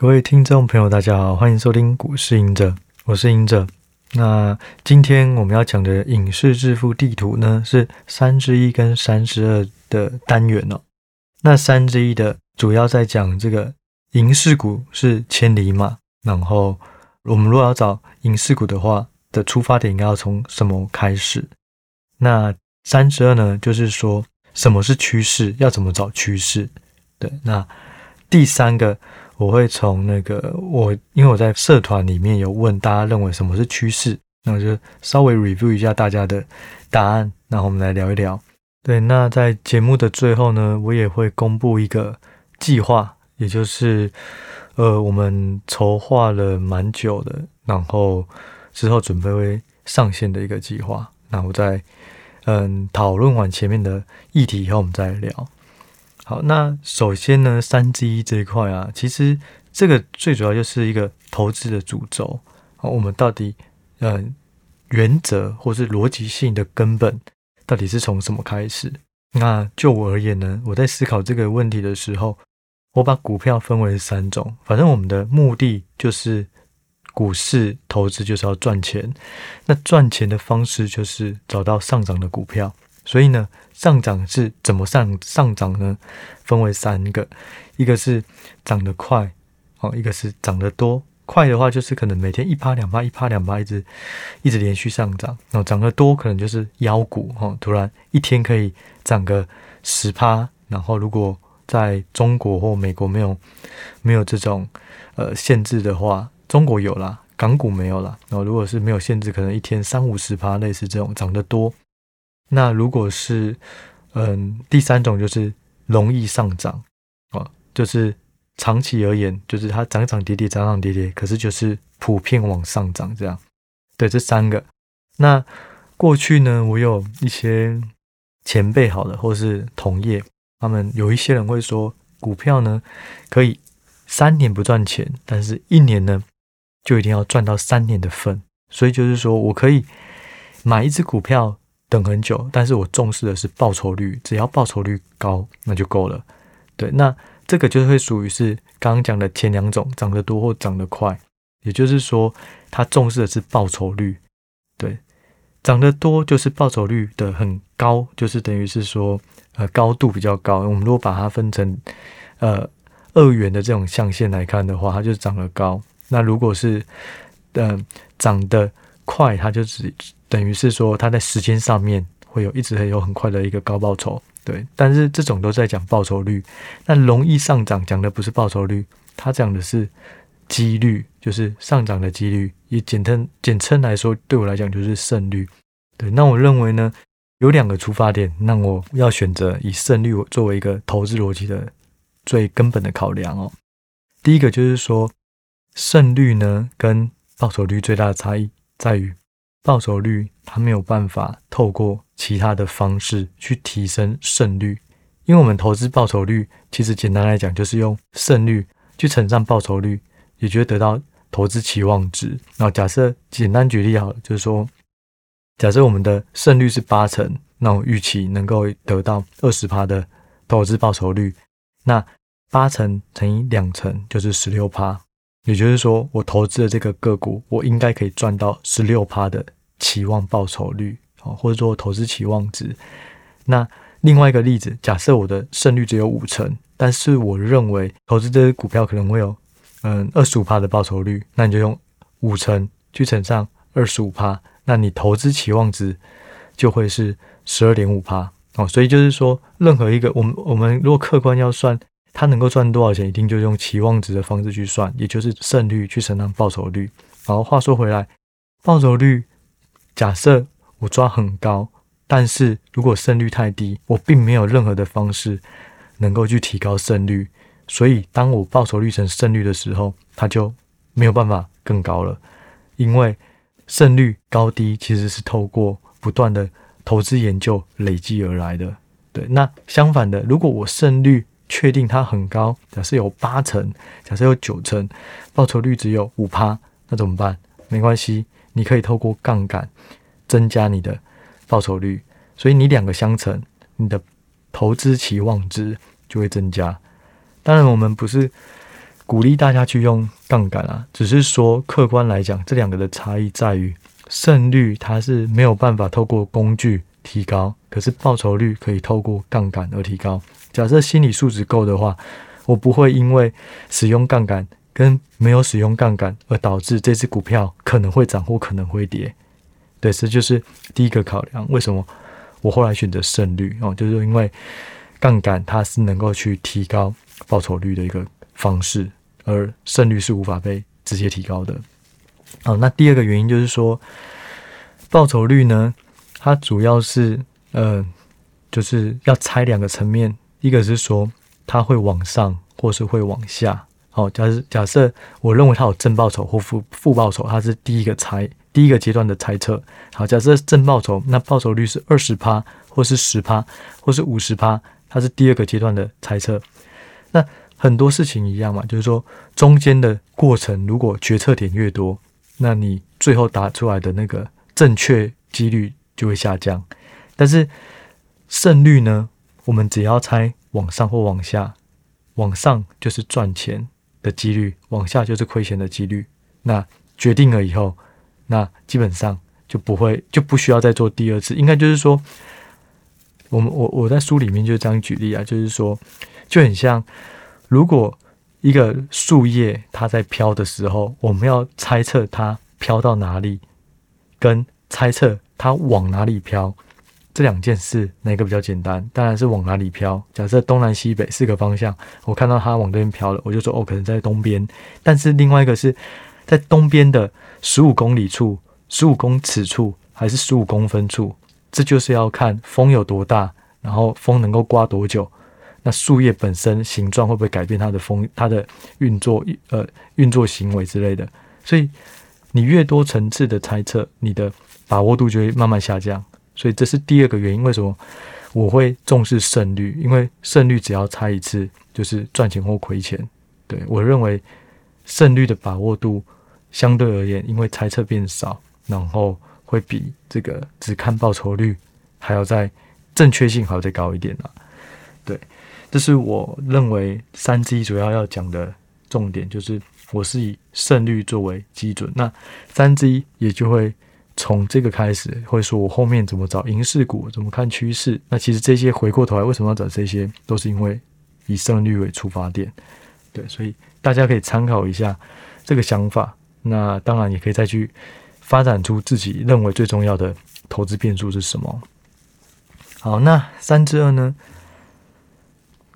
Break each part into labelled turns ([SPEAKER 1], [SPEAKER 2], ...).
[SPEAKER 1] 各位聽眾朋友，大家好，歡迎收聽《股市隱者》，我是隱者。那今天我們要講的《隱市致富地圖》呢，是三之一跟三之二的單元哦。那三之一的主要在講這個贏勢股是千里馬，然後我們如果要找贏勢股的話，的出發點應該要從什麼開始？那三之二呢，就是說什麼是趨勢，要怎麼找趨勢？對，那第三個。我會從那個我，因為我在社團裡面有問大家認為什麼是趨勢，那我就稍微 review 一下大家的答案，然後我們來聊一聊。對，那在節目的最後呢，我也會公布一個計劃，也就是呃我們籌劃了蠻久的，然後之後準備會上線的一個計劃，然後在嗯討論完前面的議題以後，我們再聊。好，那首先呢，三之一這一塊啊，其實這個最主要就是一個投資的主軸。好，我們到底呃原則或是邏輯性的根本，到底是從什麼開始？那就我而言呢，我在思考這個問題的時候，我把股票分為三種。反正我們的目的就是股市投資就是要賺錢，那賺錢的方式就是找到上漲的股票。所以呢，上漲是怎麼上上漲呢？分為三個，一個是漲得快，哦，一個是漲得多。快的話就是可能每天一趴兩趴一趴兩趴一直一直連續上漲。然後漲得多可能就是妖股，哦，突然一天可以漲個十趴。然後如果在中國或美國沒有沒有這種呃限制的話，中國有啦，港股沒有啦。然後如果是沒有限制，可能一天三五十趴，類似這種漲得多。那如果是嗯、呃，第三種就是容易上漲啊、哦，就是長期而言，就是它漲漲跌跌，漲漲跌跌，可是就是普遍往上漲這樣。對，這三個。那過去呢，我有一些前輩好的，或是同業，他們有一些人會說，股票呢可以三年不賺錢，但是一年呢就一定要賺到三年的份。所以就是說我可以買一隻股票。等很久，但是我重視的是報酬率，只要報酬率高，那就夠了。對，那這個就會屬於是剛剛講的前兩種，漲得多或漲得快。也就是說，它重視的是報酬率。對，漲得多就是報酬率的很高，就是等於是說，呃，高度比較高。我們如果把它分成呃二元的這種象限來看的話，它就是漲得高。那如果是嗯呃漲得快，它就是。等於是說，它在時間上面會有一直很有很快的一個高報酬，對。但是這種都在講報酬率，那容易上漲講的不是報酬率，它講的是幾率，就是上漲的幾率。以簡稱簡稱來說，對我來講就是勝率，對。那我認為呢，有兩個出發點，那我要選擇以勝率作為一個投資邏輯的最根本的考量哦。第一個就是說，勝率呢跟報酬率最大的差異在於。報酬率，它沒有辦法透過其他的方式去提升勝率，因為我們投資報酬率其實簡單來講就是用勝率去乘上報酬率，也就會得到投資期望值。那假設簡單舉例好，就是說，假設我們的勝率是八成，那我預期能夠得到二十趴的投資報酬率，那八成乘以兩成就是十六趴，也就是說，我投資的這個個股，我應該可以賺到十六趴的。期望報酬率，哦，或者說投資期望值。那另外一個例子，假設我的勝率只有五成，但是我認為投資這支股票可能會有嗯二十五趴的報酬率，那你就用五成去乘上二十五趴，那你投資期望值就會是十二點五趴哦。所以就是說，任何一個我們我們如果客觀要算他能夠賺多少錢，一定就用期望值的方式去算，也就是勝率去乘上報酬率。然後話說回來，報酬率。假設我抓很高，但是如果勝率太低，我並沒有任何的方式能夠去提高勝率。所以，當我報酬率成勝率的時候，它就沒有辦法更高了，因為勝率高低其實是透過不斷的投資研究累積而來的。對，那相反的，如果我勝率確定它很高，假設有八成，假設有九成，報酬率只有五趴，那怎麼辦？沒關係。你可以透過槓桿增加你的報酬率，所以你兩個相乘，你的投資期望值就會增加。當然，我們不是鼓勵大家去用槓桿啊，只是說客觀來講，這兩個的差異在於勝率它是沒有辦法透過工具提高，可是報酬率可以透過槓桿而提高。假設心理素質夠的話，我不會因為使用槓桿。跟沒有使用槓桿，而導致這只股票可能會漲或可能會跌，對，這就是第一個考量。為什麼我後來選擇勝率哦？就是因為槓桿它是能夠去提高報酬率的一個方式，而勝率是無法被直接提高的。哦，那第二個原因就是說，報酬率呢，它主要是嗯、呃、就是要拆兩個層面，一個是說它會往上或是會往下。好、哦，假設假設我認為他有正報酬或負負報酬，他是第一個猜第一個階段的猜測。好，假設正報酬，那報酬率是二十趴，或是十趴，或是五十趴，它是第二個階段的猜測。那很多事情一樣嘛，就是說中間的過程，如果決策點越多，那你最後答出來的那個正確幾率就會下降。但是勝率呢？我們只要猜往上或往下，往上就是賺錢的幾率，往下就是虧錢的幾率。那決定了以後，那基本上就不會，就不需要再做第二次。應該就是說，我們我我在書裡面就這樣舉例啊，就是說，就很像，如果一個樹葉它在飄的時候，我們要猜測它飄到哪裡，跟猜測它往哪裡飄。這兩件事哪個比較簡單？當然是往哪裡飄。假設東南西北四個方向，我看到它往這邊飄了，我就說哦，可能在東邊。但是另外一個是在東邊的十五公里處，十五公尺處還是十五公分處？這就是要看風有多大，然後風能夠刮多久。那樹葉本身形狀會不會改變它的風、它的運作呃運作行為之類的？所以你越多層次的猜測，你的把握度就會慢慢下降。所以這是第二個原因，為什麼我會重視勝率？因為勝率只要猜一次，就是賺錢或虧錢。對，我認為勝率的把握度相對而言，因為猜測變少，然後會比這個只看報酬率還要再正確性還要再高一點啊，對，這是我認為三之一主要要講的重點，就是我是以勝率作為基準，那三之一也就會。從這個開始，會說我後面怎麼找贏勢股，怎麼看趨勢？那其實這些回過頭來，為什麼要找這些，都是因為以勝率為出發點，對，所以大家可以參考一下這個想法。那當然，也可以再去發展出自己認為最重要的投資變數是什麼。好，那三之二呢，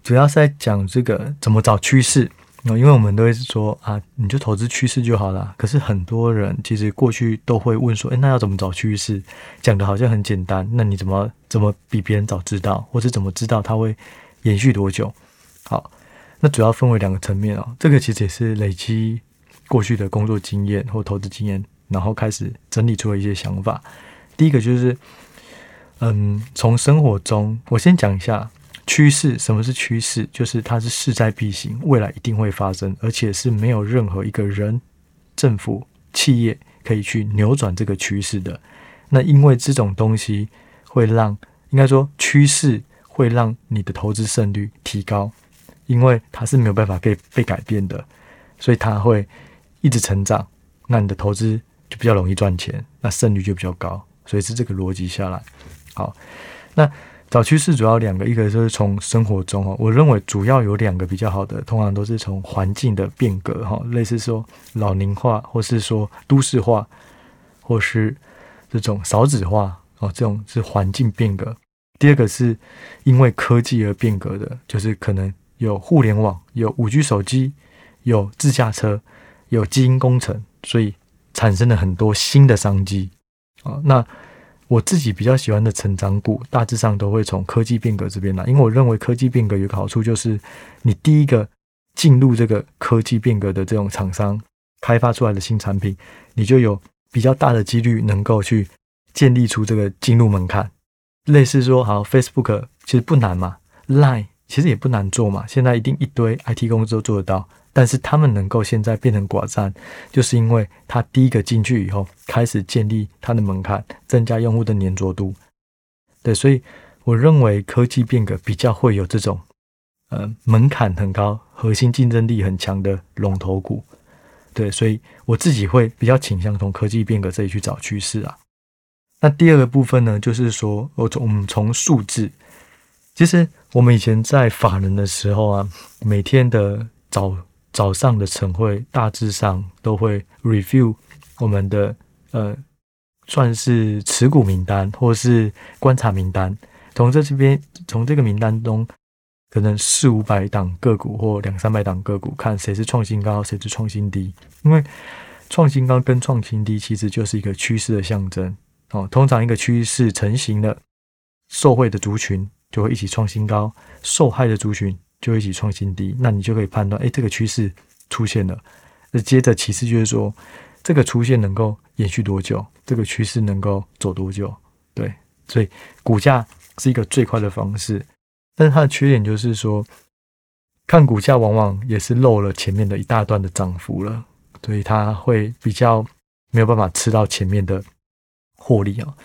[SPEAKER 1] 主要是在講這個怎麼找趨勢。因為我們都會說啊，你就投資趨勢就好了。可是很多人其實過去都會問說，哎，那要怎麼找趨勢？講的好像很簡單，那你怎麼怎麼比別人早知道，或者怎麼知道它會延續多久？好，那主要分為兩個層面哦。這個其實也是累積過去的工作經驗或投資經驗，然後開始整理出了一些想法。第一個就是，嗯，從生活中，我先講一下。趨勢，什麼是趨勢？就是它是勢在必行，未來一定會發生，而且是沒有任何一個人、政府、企業可以去扭轉這個趨勢的。那因為這種東西會讓，應該說趨勢會讓你的投資勝率提高，因為它是沒有辦法被被改變的，所以它會一直成長。那你的投資就比較容易賺錢，那勝率就比較高。所以是這個邏輯下來，好，那。找趨勢主要兩個，一個就是從生活中哦，我認為主要有兩個比較好的，通常都是從環境的變革哈，類似說老齡化，或是說都市化，或是這種少子化哦，這種是環境變革。第二個是因為科技而變革的，就是可能有互聯網，有五 G 手機，有自駕車，有基因工程，所以產生了很多新的商機。那我自己比較喜歡的成長股，大致上都會從科技變革這邊來，因為我認為科技變革有個好處，就是你第一個進入這個科技變革的這種廠商，開發出來的新產品，你就有比較大的幾率能夠去建立出這個進入門檻。類似說，好，Facebook 其實不難嘛，Line。其實也不難做嘛，現在一定一堆 IT 公司都做得到，但是他們能夠現在變成寡占，就是因為他第一個進去以後，開始建立他的門檻，增加用戶的粘着度。對，所以我認為科技變革比較會有這種，呃，門檻很高、核心競爭力很強的龍頭股。對，所以我自己會比較傾向從科技變革這裡去找趨勢啊。那第二個部分呢，就是說我從我們從數字，其實。我們以前在法人的時候啊，每天的早早上的晨會，大致上都會 review 我們的呃，算是持股名單或是觀察名單，從這這邊從這個名單中，可能四五百檔個股或兩三百檔個股，看誰是創新高，誰是創新低，因為創新高跟創新低其實就是一個趨勢的象徵哦。通常一個趨勢成型了，受惠的族群。就會一起創新高，受害的族群就一起創新低，那你就可以判斷，誒、欸，這個趨勢出現了。那接着其次就是說，這個出現能夠延續多久，這個趨勢能夠走多久，對。所以股價是一個最快的方式，但是它的缺點就是說，看股價往往也是漏了前面的一大段的漲幅了，所以它會比較沒有辦法吃到前面的獲利啊、喔。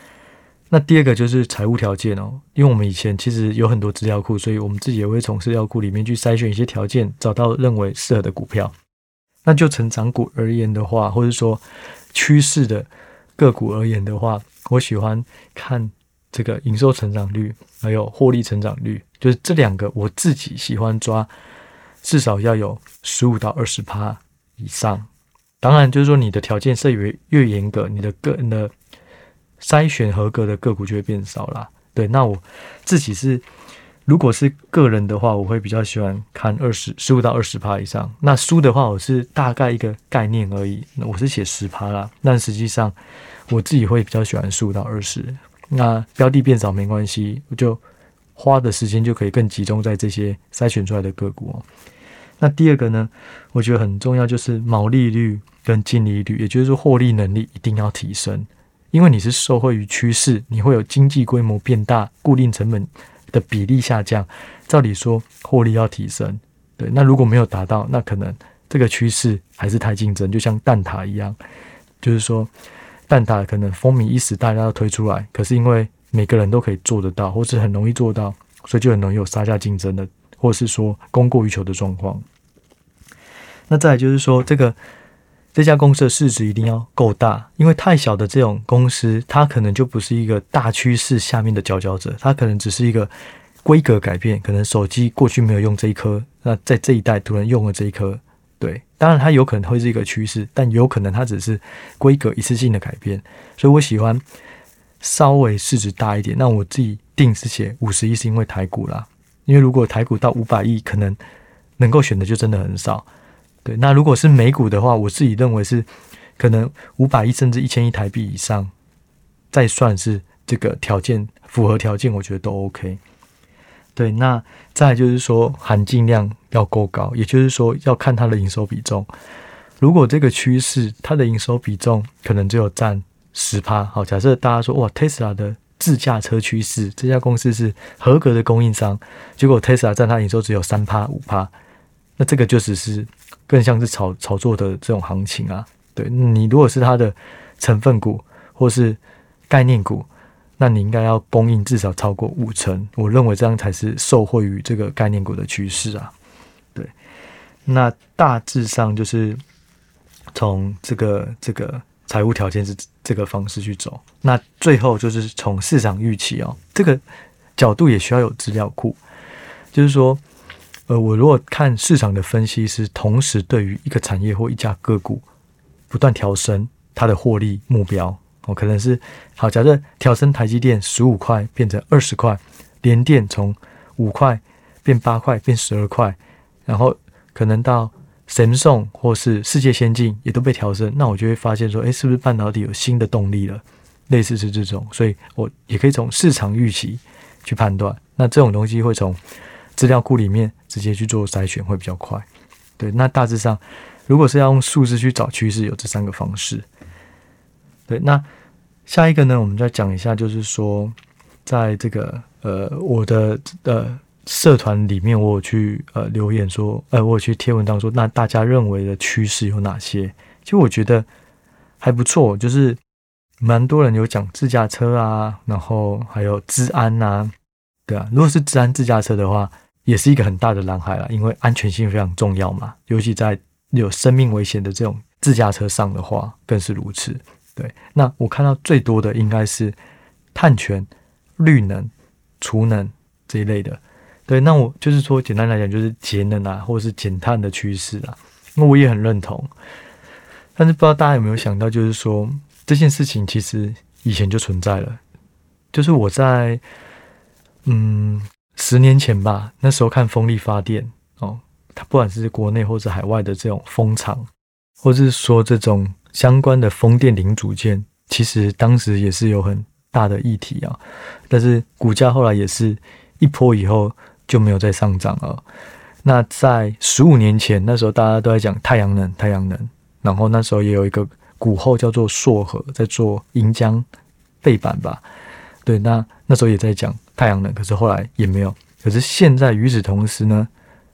[SPEAKER 1] 那第二個就是財務條件哦，因為我們以前其實有很多資料庫，所以我們自己也會從資料庫裡面去篩選一些條件，找到認為適合的股票。那就成長股而言的話，或者說趨勢的個股而言的話，我喜歡看這個營收成長率，還有獲利成長率，就是這兩個我自己喜歡抓，至少要有十五到二十趴以上。當然，就是說你的條件設越越嚴格，你的個人的。篩選合格的個股就會變少啦。對，那我自己是，如果是個人的話，我會比較喜歡看二十十五到二十趴以上。那書的話，我是大概一個概念而已。那我是寫十趴啦，但實際上我自己會比較喜歡十五到二十。那標的變少沒關係，我就花的時間就可以更集中在這些篩選出來的個股喔。那第二個呢，我覺得很重要就是毛利率跟淨利率，也就是說獲利能力一定要提升。因為你是受惠於趨勢，你會有經濟規模變大，固定成本的比例下降。照理說，獲利要提升，對。那如果沒有達到，那可能這個趨勢還是太競爭，就像蛋撻一樣，就是說蛋撻可能風靡一時，大家要推出來，可是因為每個人都可以做得到，或是很容易做到，所以就很容易有殺價競爭的，或是說供過於求的狀況。那再就是說這個。這家公司的市值一定要夠大，因為太小的這種公司，它可能就不是一個大趨勢下面的佼佼者，它可能只是一個規格改變。可能手機過去沒有用這一顆，那在這一代突然用了這一顆。對，當然它有可能會是一個趨勢，但有可能它只是規格一次性的改變。所以我喜歡稍微市值大一點。那我自己定是寫五十億是因為台股啦，因為如果台股到五百億，可能能夠選的就真的很少。對，那如果是美股的話，我自己認為是可能五百億甚至一千億台幣以上，再算是這個條件符合條件，我覺得都 OK。對，那再就是說含金量要夠高，也就是說要看它的營收比重。如果這個趨勢，它的營收比重可能只有占十趴。好，假設大家說哇，特斯拉的自駕車趨勢，這家公司是合格的供應商，結果特斯拉占它營收只有三趴五趴，那這個就只是。更像是炒炒作的這種行情啊，對你如果是它的成分股或是概念股，那你應該要供應至少超過五成，我認為這樣才是受惠於這個概念股的趨勢啊。對，那大致上就是從這個這個財務條件是這個方式去走，那最後就是從市場預期哦，這個角度也需要有資料庫，就是說。呃，我如果看市場的分析是同時對於一個產業或一家個股不斷調升它的獲利目標，我、哦、可能是好假設調升台積電十五塊變成二十塊，聯電從五塊變八塊變十二塊，然後可能到神送或是世界先進也都被調升，那我就會發現說，哎，是不是半導體有新的動力了？類似是這種，所以我也可以從市場預期去判斷，那這種東西會從。資料庫裡面直接去做篩選會比較快，對。那大致上，如果是要用數字去找趨勢，有這三個方式。對，那下一個呢，我們再講一下，就是說，在這個呃我的呃社團裡面，我有去呃留言說，呃，我有去貼文章說，那大家認為的趨勢有哪些？其實我覺得還不錯，就是蠻多人有講自駕車啊，然後還有資安吶、啊，對啊。如果是資安自駕車的話，也是一個很大的藍海了，因為安全性非常重要嘛，尤其在有生命危險的這種自駕車上的話，更是如此。對，那我看到最多的應該是碳權、綠能、儲能這一類的。對，那我就是說，簡單來講，就是節能啊，或者是減碳的趨勢啊。那我也很認同，但是不知道大家有沒有想到，就是說，這件事情其實以前就存在了，就是我在，嗯。十年前吧，那時候看風力發電哦，它不管是國內或者海外的這種風場，或者是說這種相關的風電零組件，其實當時也是有很大的議題啊。但是股價後來也是一波以後就沒有再上漲了啊。那在十五年前，那時候大家都在講太陽能，太陽能，然後那時候也有一個股後叫做碩禾，在做銀漿背板吧。對，那那時候也在講太陽能，可是後來也沒有。可是現在與此同時呢，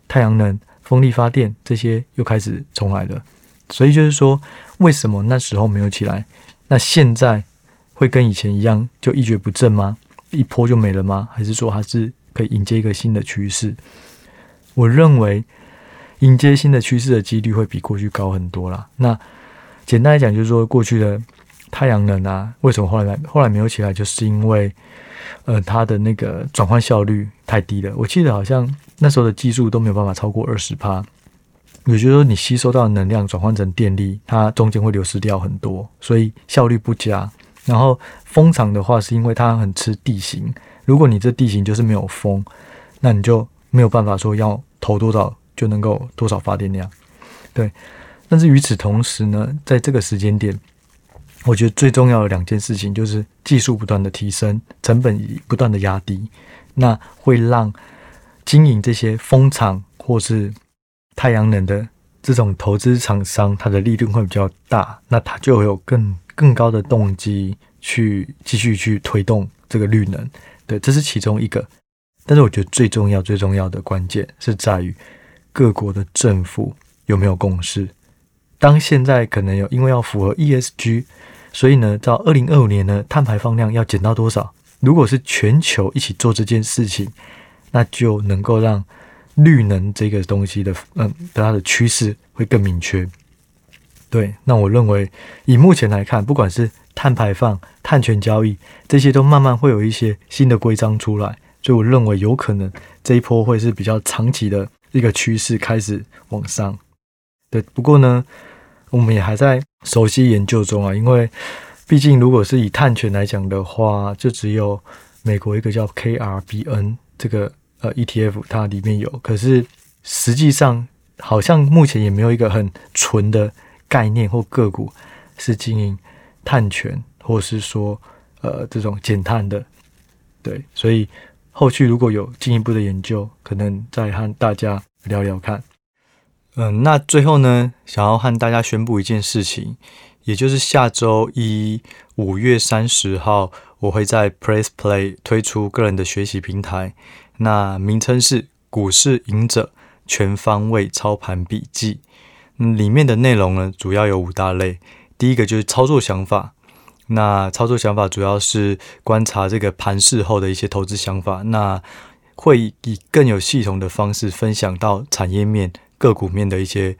[SPEAKER 1] 太陽能、風力發電這些又開始重來了。所以就是說，為什麼那時候沒有起來？那現在會跟以前一樣就一蹶不振嗎？一波就沒了嗎？還是說還是可以迎接一個新的趨勢？我認為迎接新的趨勢的幾率會比過去高很多啦。那簡單來講，就是說過去的。太陽能啊，為什麼後來沒？後來沒有起來？就是因為，呃，它的那個轉換效率太低了。我記得好像那時候的技術都沒有辦法超過二十趴。也就是說，你吸收到能量轉換成電力，它中間會流失掉很多，所以效率不佳。然後風場的話，是因為它很吃地形。如果你這地形就是沒有風，那你就沒有辦法說要投多少就能夠多少發電量。對。但是與此同時呢，在這個時間點。我覺得最重要的兩件事情就是技術不斷的提升，成本不斷的壓低，那會讓經營這些風場或是太陽能的這種投資廠商，它的利潤會比較大，那它就會有更更高的動機去繼續去推動這個綠能。對，這是其中一個。但是我覺得最重要最重要的關鍵是在於各國的政府有沒有共識。當現在可能有因為要符合 ESG。所以呢，到二零二五年呢，碳排放量要減到多少？如果是全球一起做這件事情，那就能夠讓綠能這個東西的，嗯，它的趨勢會更明確。對，那我認為以目前來看，不管是碳排放、碳權交易這些，都慢慢會有一些新的規章出來。所以我認為有可能這一波會是比較長期的一個趨勢開始往上。對，不過呢。我們也還在熟悉研究中啊，因為畢竟如果是以碳權來講的話，就只有美國一個叫 KRBN 這個呃 ETF，它裡面有。可是實際上好像目前也沒有一個很純的概念或個股是經營碳權，或是說呃這種減碳的。對，所以後續如果有進一步的研究，可能再和大家聊聊看。嗯，那最後呢，想要和大家宣布一件事情，也就是下週一五月三十號，我會在 Press Play 推出個人的學習平台，那名稱是《股市隱者全方位操盤筆記》。嗯，裡面的內容呢，主要有五大類，第一個就是操作想法，那操作想法主要是觀察這個盤勢後的一些投資想法，那會以更有系統的方式分享到產業面。個股面的一些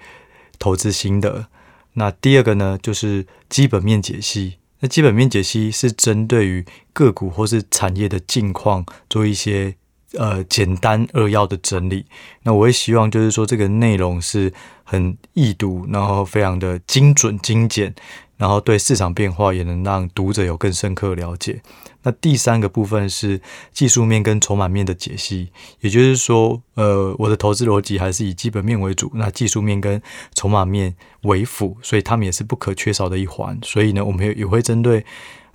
[SPEAKER 1] 投資心得。那第二個呢，就是基本面解析。那基本面解析是針對於個股或是產業的近況，做一些呃簡單扼要的整理。那我也希望就是說這個內容是很易讀，然後非常的精準精簡。然後對市場變化也能讓讀者有更深刻了解。那第三個部分是技術面跟籌碼面的解析，也就是說，呃，我的投資邏輯還是以基本面為主，那技術面跟籌碼面為輔，所以他們也是不可缺少的一環。所以呢，我們也會針對，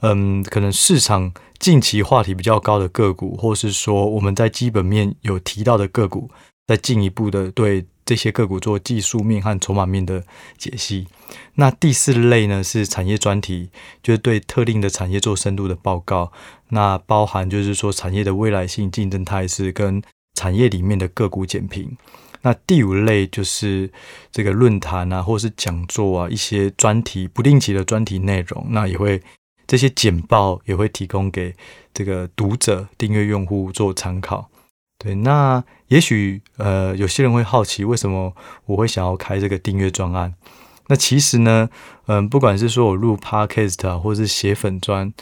[SPEAKER 1] 嗯、呃，可能市場近期話題比較高的個股，或是說我們在基本面有提到的個股，再進一步的對。這些個股做技術面和籌碼面的解析。那第四類呢，是產業專題，就是對特定的產業做深度的報告。那包含就是說產業的未來性競爭態勢跟產業裡面的個股簡評。那第五類就是這個論壇啊，或是講座啊，一些專題不定期的專題內容。那也會這些簡報也會提供給這個讀者訂閱用戶做參考。對，那也許呃，有些人會好奇，為什麼我會想要開這個訂閱專案？那其實呢，嗯、呃，不管是說我錄 podcast 啊，或是寫粉專，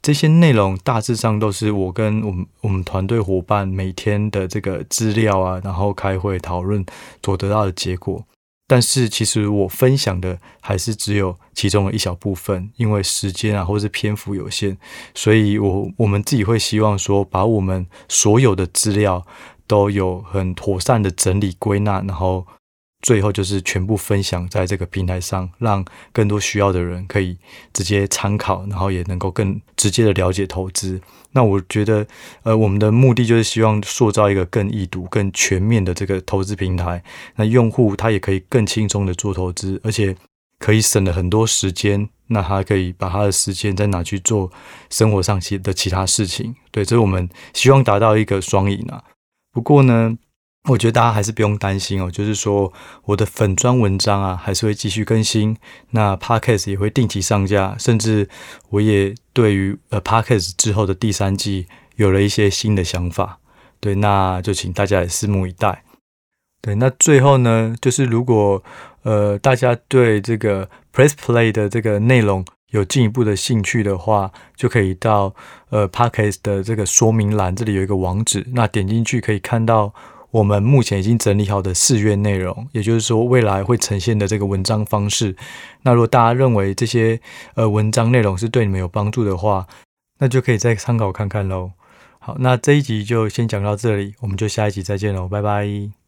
[SPEAKER 1] 這些內容大致上都是我跟我們我們團隊夥伴每天的這個資料啊，然後開會討論所得到的結果。但是其實我分享的還是只有其中的一小部分，因為時間啊，或是篇幅有限，所以我我們自己會希望說，把我們所有的資料都有很妥善的整理歸納，然後。最後就是全部分享在這個平台上，讓更多需要的人可以直接參考，然後也能夠更直接的了解投資。那我覺得，呃，我們的目的就是希望塑造一個更易讀、更全面的這個投資平台。那用戶他也可以更輕鬆的做投資，而且可以省了很多時間。那他可以把他的時間再拿去做生活上其的其他事情。對，這是我們希望達到一個雙贏啊。不過呢。我覺得大家還是不用擔心哦，就是說我的粉專文章啊，還是會繼續更新。那 Podcast 也會定期上架，甚至我也對於呃 Podcast 之後的第三季有了一些新的想法。對，那就請大家也拭目以待。對，那最後呢，就是如果呃大家對這個 Press Play 的這個內容有進一步的興趣的話，就可以到呃 Podcast 的這個說明欄，這裡有一個網址，那點進去可以看到。我們目前已經整理好的四月內容，也就是說未來會呈現的這個文章方式。那如果大家認為這些呃文章內容是對你們有幫助的話，那就可以再參考看看嘍。好，那這一集就先講到這裡，我們就下一集再見嘍，拜拜。